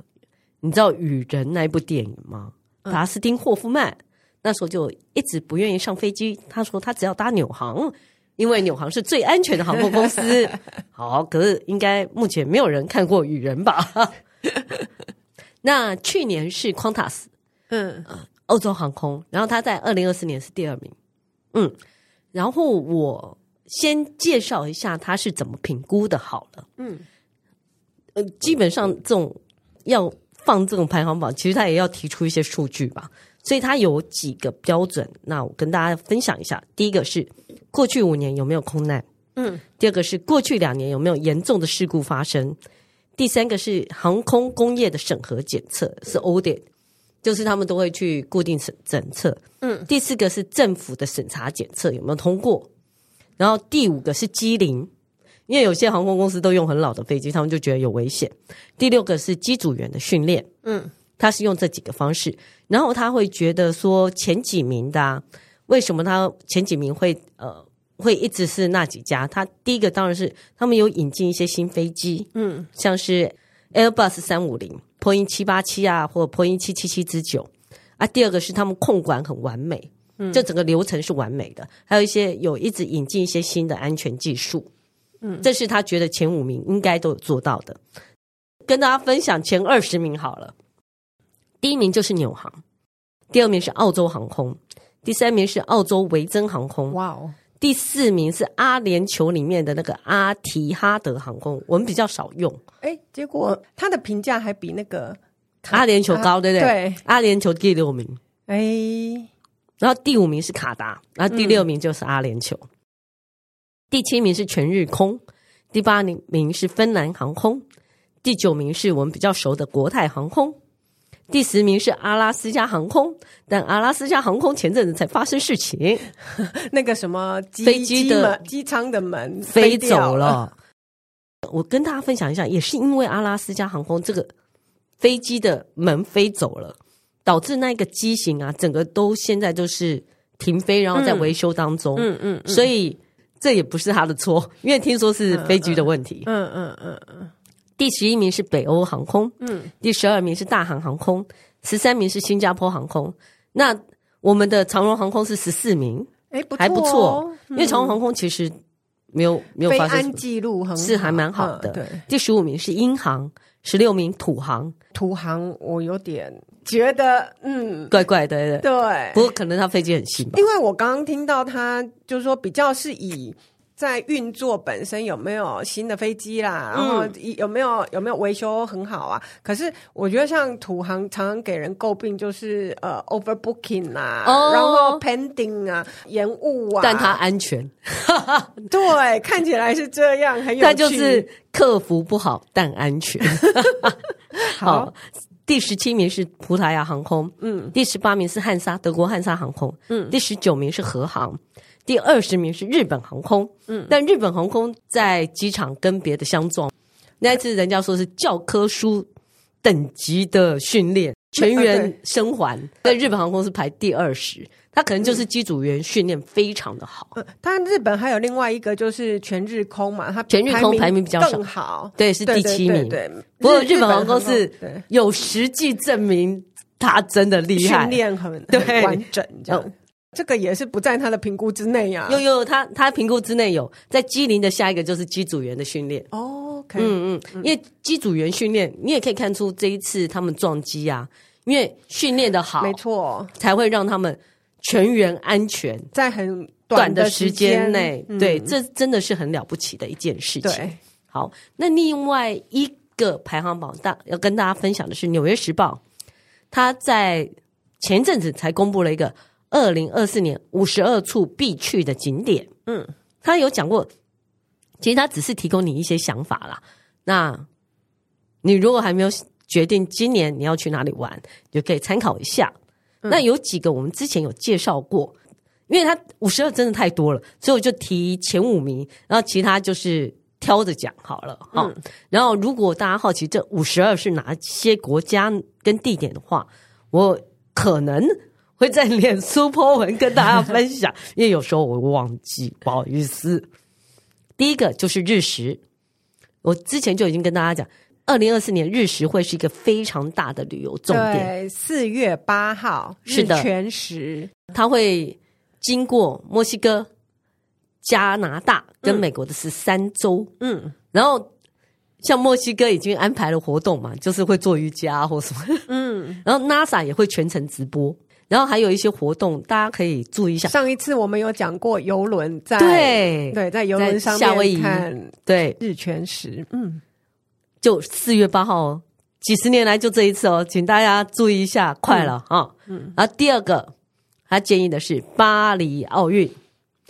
你知道《雨人》那部電影嗎？達斯汀·霍夫曼那時候就一直不願意上飛機，他說他只要搭紐航，因為紐航是最安全的航空公司。好，可是應該目前沒有人看過《雨人》吧？那去年是康塔斯，嗯，歐洲航空。然後他在二零二四年是第二名，嗯。然後我先介紹一下他是怎麼評估的，好了，嗯，呃，基本上這種要放這種排行榜，其實他也要提出一些數據吧，所以他有幾個標準，那我跟大家分享一下。第一個是過去五年有沒有空難，嗯，第二個是過去兩年有沒有嚴重的事故發生，第三個是航空工業的審核檢測是 O 點。就是他們都會去固定審檢測，嗯，第四個是政府的審查檢測有沒有通過，然後第五個是機齡，因為有些航空公司都用很老的飛機，他們就覺得有危險。第六個是機組員的訓練，嗯，他是用這幾個方式，然後他會覺得說前幾名的啊，為什麼他前幾名會呃會一直是那幾家？他第一個當然是他們有引進一些新飛機，嗯，像是。Airbus 三五零、波音七八七啊，或波音七七七之九啊。第二個是他們控管很完美，嗯，這整個流程是完美的。還有一些有一直引進一些新的安全技術，嗯，這是他覺得前五名應該都有做到的。跟大家分享前二十名好了，第一名就是紐航，第二名是澳洲航空，第三名是澳洲維珍航空。哇哦！第四名是阿聯酋裡面的那個阿提哈德航空，我們比較少用。哎、欸，結果它的評價還比那個阿聯酋高，對不對？啊、對，阿聯酋第六名，哎、欸，然後第五名是卡達，然後第六名就是阿聯酋、嗯，第七名是全日空，第八名名是芬蘭航空，第九名是我們比較熟的國泰航空。第十名是阿拉斯加航空，但阿拉斯加航空前陣子才發生事情， 那個什麼飛機的機艙的門飛走了。 我跟大家分享一下，也是因為阿拉斯加航空這個飛機的門飛走了，導致那個機型啊，整個都現在都是停飛，然後在維修當中。嗯嗯，所以這也不是他的錯，因為聽說是飛機的問題。嗯嗯嗯嗯。嗯嗯第十一名是北歐航空，嗯，第十二名是大韓航，航空，十三名是新加坡航空。那我們的長榮航空是十四名，哎、欸哦，還不錯、嗯，因為長榮航空其實沒有沒有發生什麼記錄，是還蠻好的。嗯、第十五名是英航，十六名土航，土航我有點覺得嗯怪怪的，對，不過可能他飛機很新。因為我剛剛聽到他就是說比較是以，在運作本身有沒有新的飛機啦、嗯？然後有沒有有沒有維修很好啊？可是我覺得像土航常常給人詬病就是呃 overbooking 啦、啊哦，然後 pending 啊，延誤啊。但它安全， 對，看起來是這樣，很有趣 但就是客服不好，但安全。 好，好，第十七名是葡萄牙航空，嗯，第十八名是漢莎德國漢莎航空，嗯，第十九名是荷航。第二十名是日本航空，嗯，但日本航空在機場跟別的相撞，嗯、那次人家說是教科書等級的訓練，全員生還，在、嗯啊、日本航空是排第二十，他可能就是機組員訓練非常的好。他、嗯、日本還有另外一個就是全日空嘛，他全日空排名比較少，更好，對，是第七名。對，對，對，對，不過日本航空是有實際證明，他真的厲害，對訓練很，很完整對這樣。 這個也是不在他的評估之內呀、啊。有，有有，他他評估之內有，在機齡的下一個就是機組員的訓練。Oh, OK，嗯嗯，因為機組員訓練，你也可以看出這一次他們撞機啊，因為訓練的好，沒錯，才會讓他們全員安全在很短的時間，的時間內、嗯。對，這真的是很了不起的一件事情。對，好，那另外一個排行榜大要跟大家分享的是《紐約時報》，他在前陣子才公布了一個。二零二四年五十二處必去的景點，嗯，他有講過，其實他只是提供你一些想法啦。那你如果還沒有決定今年你要去哪裡玩，就可以參考一下。那有幾個我們之前有介紹過，因為他五十二真的太多了，所以我就提前五名，然後其他就是挑着講好了。嗯，然後如果大家好奇這五十二是哪些國家跟地點的話，我可能。會在臉書 po 文跟大家分享， 因為有時候我忘記，不好意思。 第一個就是日食，我之前就已經跟大家講，二零二四年日食會是一個非常大的旅遊重點。四月八號是的日全食，它會經過墨西哥、加拿大跟美國的十三州嗯。嗯，然後像墨西哥已經安排了活動嘛，就是會做瑜伽或什麼。嗯，然後 NASA 也會全程直播。然後還有一些活動，大家可以注意一下。上一次我們有講過遊輪在對對，在遊輪上面夏威夷看對日全食，嗯，就四月八號，幾十年來就這一次哦，請大家注意一下，嗯、快了啊、哦。嗯。然後第二個，他建議的是巴黎奧運，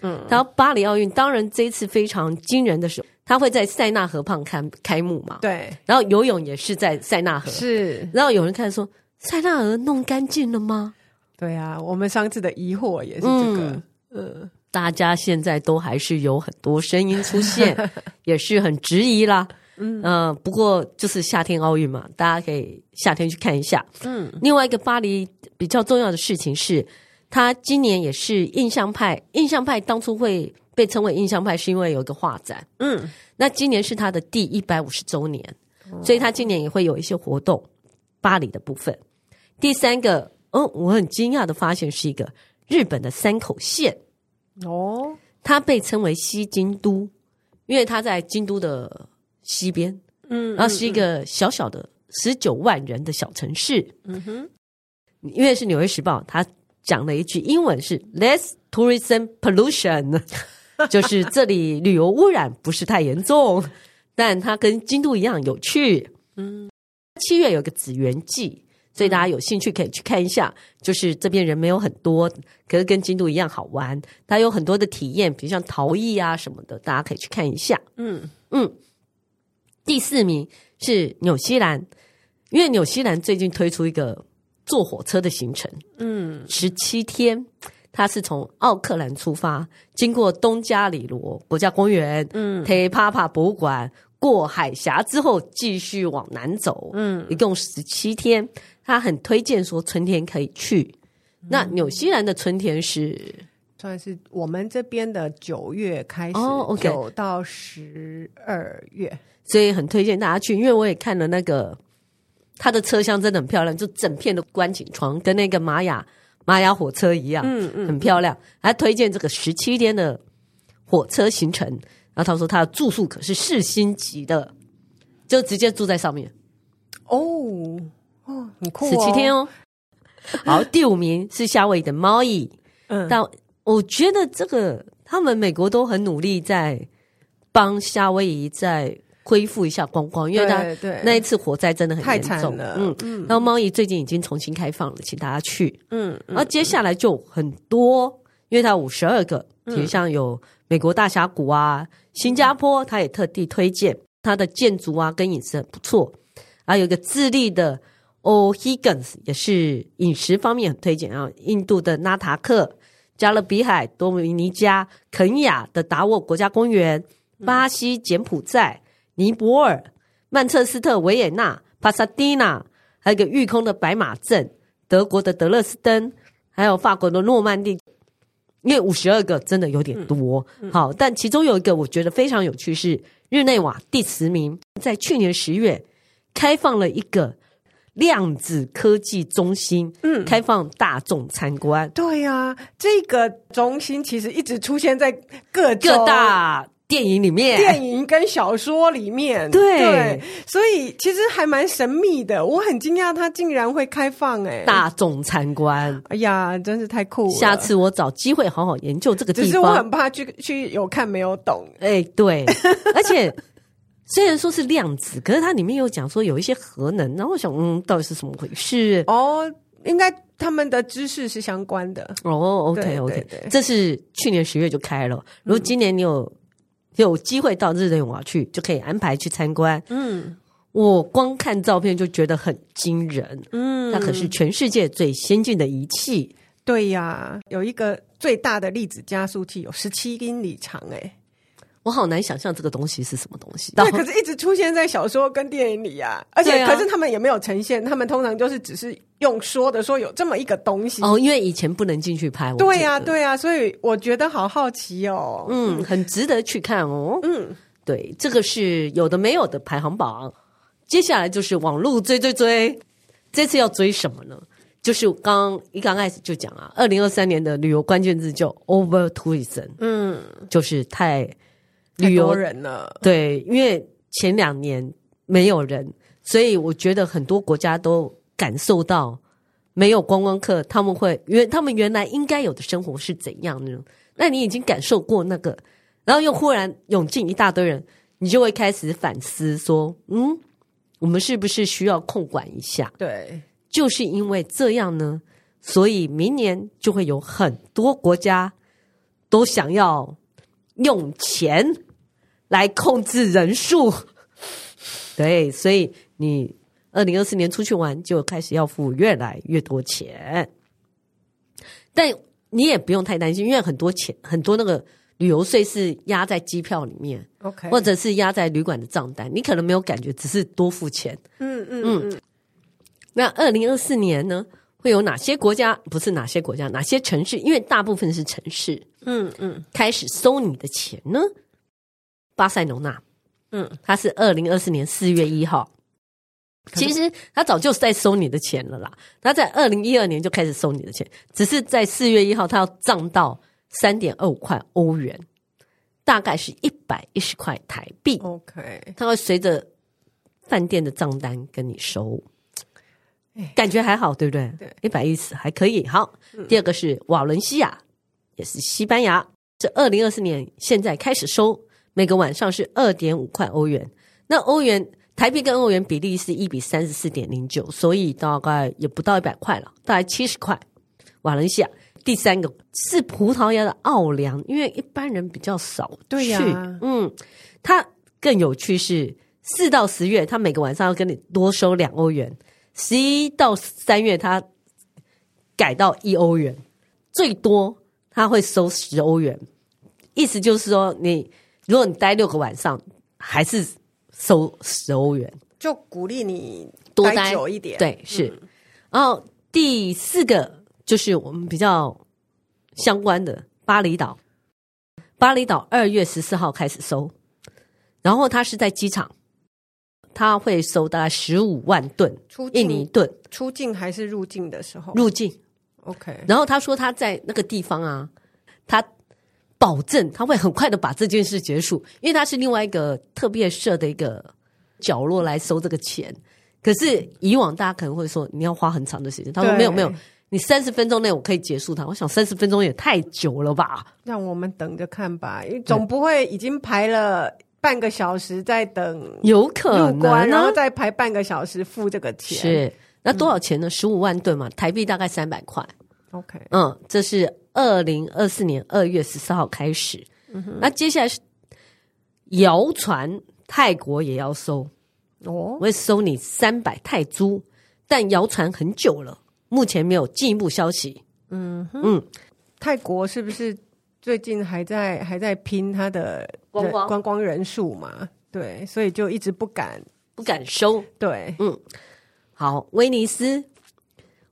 嗯，然後巴黎奧運當然這一次非常驚人的是，他會在塞納河畔開開幕嘛，對。然後游泳也是在塞納河，是。然後有人看說，塞納河弄乾淨了嗎？對啊，我們上次的疑惑也是這個，呃、嗯嗯，大家現在都還是有很多聲音出現， 也是很質疑啦，嗯、呃，不過就是夏天奧運嘛，大家可以夏天去看一下，嗯。另外一個巴黎比較重要的事情是，他今年也是印象派，印象派當初會被稱為印象派，是因為有一個畫展，嗯，那今年是他的第一百五十周年，所以他今年也會有一些活動，巴黎的部分。第三個。哦、嗯，我很驚訝的發現是一個日本的山口縣哦，它被稱為西京都，因為它在京都的西邊、嗯，嗯，然後是一個小小的十九萬人的小城市，嗯哼，因為是《紐約時報》，它講了一句英文是 less tourism pollution， 就是這裡旅遊污染不是太嚴重， 但它跟京都一樣有趣，嗯，七月有個紫園祭。所以大家有興趣可以去看一下，嗯、就是這邊人沒有很多，可是跟京都一樣好玩。它有很多的體驗，比如像陶藝啊什麼的，大家可以去看一下。嗯嗯，第四名是紐西蘭，因為紐西蘭最近推出一個坐火車的行程，嗯，十七天，它是從奧克蘭出發，經過東加里羅國家公園，嗯，提帕帕博物館，過海峽之後繼續往南走，嗯，一共十七天。他很推薦說春天可以去，嗯、那紐西蘭的春天是算是我們這邊的九月開始，哦，okay，九到十二月，所以很推薦大家去。因為我也看了那個，他的車廂真的很漂亮，就整片的觀景窗跟那個瑪雅瑪雅火車一樣，嗯嗯，很漂亮。還推薦這個十七天的火車行程，然後他說他的住宿可是四星級的，就直接住在上面哦。哦，你酷哦！十七天哦，好， 第五名是夏威夷的茂宜。嗯，但我覺得這個他們美國都很努力在幫夏威夷再恢復一下觀光、光，因為他那一次火災真的很嚴重，嗯、太慘了。嗯嗯，那茂宜最近已經重新開放了，請大家去。嗯，而、嗯、接下來就很多，因為他五十二個，其、嗯、實像有美國大峽谷啊、新加坡，他也特地推薦、嗯、他的建築啊，跟飲食很不錯。還有一個智利的。O'Higgins 也是飲食方面很推薦啊！印度的納塔克、加勒比海、多米尼加、肯亞的達沃國家公園、巴西、柬埔寨、尼泊爾、曼徹斯特、維也納、帕薩蒂娜，還有個育空的白馬鎮、德國的德勒斯登，還有法國的諾曼第。因為五十二個真的有點多。嗯嗯，好，但其中有一個我覺得非常有趣，是日內瓦第十名，在去年十月開放了一個。量子科技中心，嗯，開放大眾參觀。對呀、啊，這個中心其實一直出現在各各大電影裡面，電影跟小說裡面。對，對，所以其實還蠻神秘的。我很驚訝，它竟然會開放誒、欸、大眾參觀。哎呀，真是太酷了！下次我找機會好好研究這個地方。只是我很怕去去有看沒有懂。誒、哎、對， 而且。雖然說是量子，可是它裡面有講說有一些核能，然後我想，嗯，到底是怎麼回事？哦、oh,，應該他們的知識是相關的。哦、oh,，OK，OK，、okay, okay. 這是去年十月就開了。如果今年你有、嗯、有機會到日內瓦去，就可以安排去參觀。嗯，我光看照片就覺得很驚人。嗯，那可是全世界最先進的儀器。對呀、啊，有一個最大的粒子加速器，有十七英里長、欸，哎。我好難想象這個東西是什麼東西。對，可是一直出現在小說跟電影裡呀、啊。而且、啊，可是他們也沒有呈現，他們通常就是只是用說的，說有這麼一個東西。哦，因為以前不能進去拍。對呀，對呀、啊啊，所以我覺得好好奇哦。嗯，很值得去看哦。嗯，對，這個是有的沒有的排行榜。嗯、接下來就是網路追追追，這次要追什麼呢？就是剛,剛一剛開始就講啊，二零二三年的旅遊關鍵字叫 over tourism，嗯，就是太。旅遊人呢，對，因為前兩年沒有人，所以我覺得很多國家都感受到沒有觀光客，他們會原他們原來應該有的生活是怎樣的呢？那你已經感受過那個，然後又忽然湧進一大堆人，你就會開始反思說：“嗯，我們是不是需要控管一下？”對，就是因為這樣呢，所以明年就會有很多國家都想要用錢。來控制人數，對，所以你二零二四年出去玩就開始要付越來越多錢，但你也不用太擔心，因為很多錢很多那個旅遊稅是壓在機票裡面，OK，或者是壓在旅館的賬單，你可能沒有感覺，只是多付錢。嗯嗯嗯，嗯。那二零二四年呢，會有哪些國家？不是哪些國家，哪些城市？因為大部分是城市。嗯嗯，開始收你的錢呢？巴塞羅那，嗯，他是二零二四年四月一號，其實他早就在收你的錢了啦。他在二零一二年就開始收你的錢，只是在四月一號他要漲到三點二五塊歐元，大概是一百一十塊台幣。OK，他會隨着飯店的賬單跟你收。欸，感覺還好，對不對？對，一百一十還可以。好，嗯，第二個是瓦倫西亞，也是西班牙，是二零二四年現在開始收。每個晚上是二點五塊歐元，那歐元台幣跟歐元比例是一比三十四點零九，所以大概也不到一百塊了，大概七十塊。瓦倫西亞，第三個是葡萄牙的奧良，因為一般人比較少去對呀，啊，嗯，它更有趣是四到十月，他每個晚上要跟你多收兩歐元，十一到三月他改到一歐元，最多他會收十歐元，意思就是說你。如果你待六個晚上，還是收十歐元，就鼓勵你多待久一點。對，是、嗯。然後第四個就是我們比較相關的巴厘島，巴厘島二月十四號開始收，然後他是在機場，他會收大概十五萬盾出印尼盾，出境還是入境的時候？入境。OK。然後他說他在那個地方啊，他。保證他會很快的把這件事結束，因為他是另外一個特別設的一個角落來收這個錢。可是以往大家可能會說你要花很長的時間，他說沒有沒有，你三十分鐘內我可以結束他。我想三十分鐘也太久了吧？讓我們等着看吧，因為總不會已經排了半個小時在等，有可能呢，然後再排半個小時付這個錢。是那多少錢呢？十五萬盾嘛，台幣大概三百塊。OK，嗯，這是。二零二四年二月十四號開始，嗯，那接下來是謠傳泰國也要收哦，我會收你三百泰銖，但謠傳很久了，目前沒有進一步消息。嗯哼嗯，泰國是不是最近還在還在拼他的觀光觀光，光，光人數嘛？對，所以就一直不敢不敢收。對，嗯，好，威尼斯，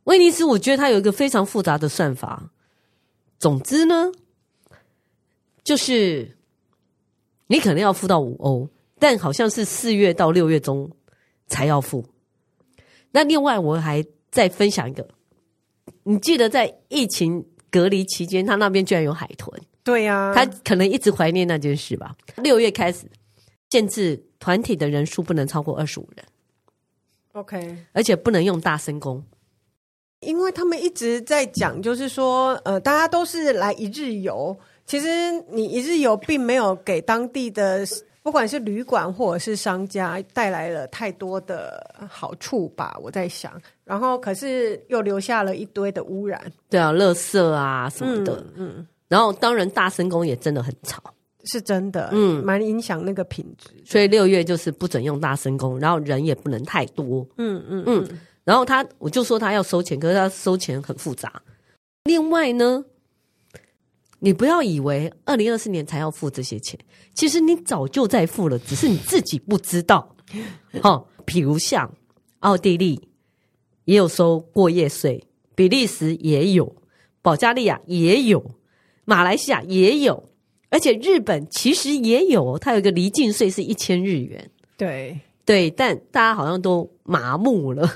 威尼斯，我覺得它有一個非常複雜的算法。總之呢，就是你可能要付到五歐，但好像是四月到六月中才要付。那另外我還再分享一個，你記得在疫情隔離期間，他那邊居然有海豚。對呀、啊，他可能一直懷念那件事吧。六月開始限制團體的人數不能超過二十五人。OK，而且不能用大聲公。因為他們一直在講，就是說，呃，大家都是來一日遊。其實你一日遊並沒有給當地的，不管是旅館或者是商家帶來了太多的好處吧？我在想。然後可是又留下了一堆的污染，對啊，垃圾啊什麼的嗯。嗯，然後當然大聲公也真的很吵，是真的，嗯，蠻影響那個品質。所以六月就是不准用大聲公，然後人也不能太多。嗯嗯嗯。嗯然後他，我就說他要收錢，可是他收錢很複雜。另外呢，你不要以為二零二四年才要付這些錢，其實你早就在付了，只是你自己不知道。哦。比如像奧地利也有收過夜稅，比利時也有，保加利亞也有，馬來西亞也有，而且日本其實也有，它有一個離境稅是一千日元。對對，但大家好像都。麻木了，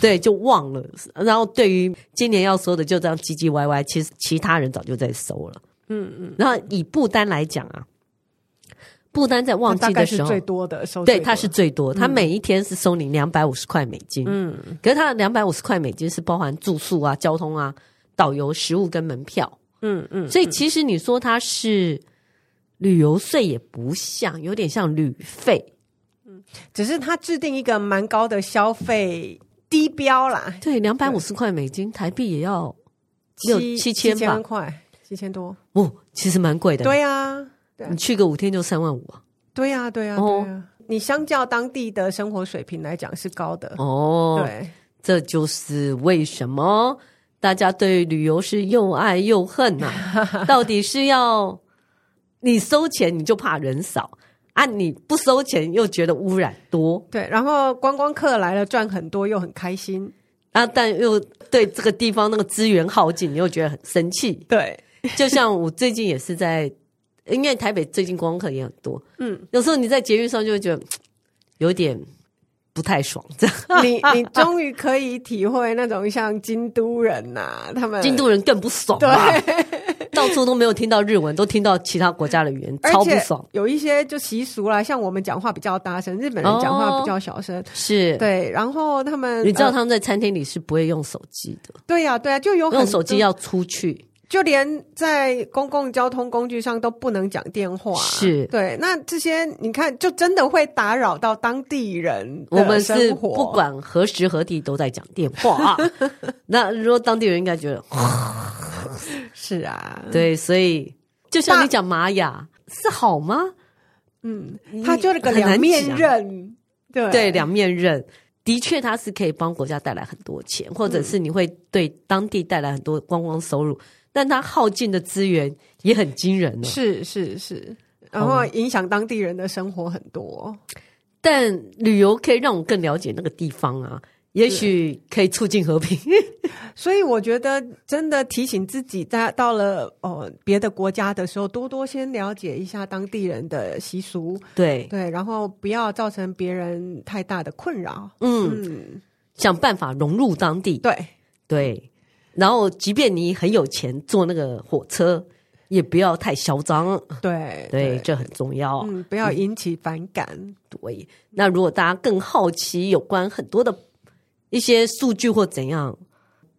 對，就忘了。然後對於今年要收的，就這樣唧唧歪歪。其實其他人早就在收了，嗯嗯。然後以不丹來講啊，不丹在旺季的時候最多的最多，對，它是最多，嗯，它每一天是收你兩百五十塊美金，嗯，可是它的兩百五十塊美金是包含住宿啊、交通啊、導遊、食物跟門票，嗯嗯，嗯。所以其實你說它是旅遊稅也不像，有點像旅費。只是他制定一個蠻高的消費低標啦，對，兩百五十塊美金，台幣也要六七,七千吧，七千塊，七千多，哦，其實蠻貴的對、啊。對啊，你去個五天就三萬五啊。對啊，對啊，對啊、哦。你相較當地的生活水平來講是高的。哦，對，這就是為什麼大家對旅遊是又愛又恨吶、啊。 到底是要你收錢你就怕人少？啊！你不收錢又覺得污染多，對，然後觀光客來了賺很多又很開心，啊，但又對這個地方那個資源耗盡， 你又覺得很生氣。對，就像我最近也是在，因為台北最近觀光客也很多，嗯，有時候你在捷運上就會覺得有點不太爽。 你你終於可以體會那種像京都人吶、啊，他們京都人更不爽、啊。對。到處都沒有聽到日文，都聽到其他國家的語言，超不爽。有一些就習俗啦，像我們講話比較大聲，日本人講話比較小聲，哦。是，對。然後他們，你知道他們在餐廳裡是不會用手機的。對、呃、呀，對呀、啊啊，就有用手機要出去，就連在公共交通工具上都不能講電話。是，對。那這些你看，就真的會打擾到當地人。我們是不管何時何地都在講電話、 啊，那如果當地人應該覺得。 是啊，對，所以就像你講，瑪雅是好嗎？嗯，他就是個兩面刃，對對，兩面刃，的確他是可以幫國家帶來很多錢，或者是你會對當地帶來很多觀光收入，嗯，但他耗盡的資源也很驚人，是是是，然後影響當地人的生活很多，嗯。但旅遊可以讓我更了解那個地方啊。也許可以促進和平， 所以我覺得真的提醒自己，在到了哦別的國家的時候，多多先了解一下當地人的習俗，對對，然後不要造成別人太大的困擾，嗯，嗯，想辦法融入當地，對對，然後即便你很有錢坐那個火車，也不要太囂張，對對，對，這很重要，嗯，不要引起反感，嗯。對，那如果大家更好奇有關很多的。一些數據或怎樣，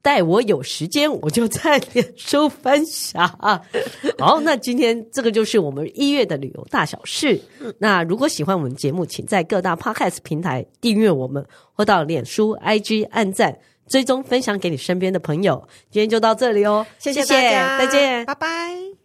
待我有時間，我就在臉書分享。 好，那今天這個就是我們一月的旅遊大小事。 那如果喜歡我們節目，請在各大 Podcast 平台訂閱我們，或到臉書 IG 按讚，追蹤分享給你身邊的朋友。今天就到這裡哦，謝謝，謝，謝，再見，拜拜。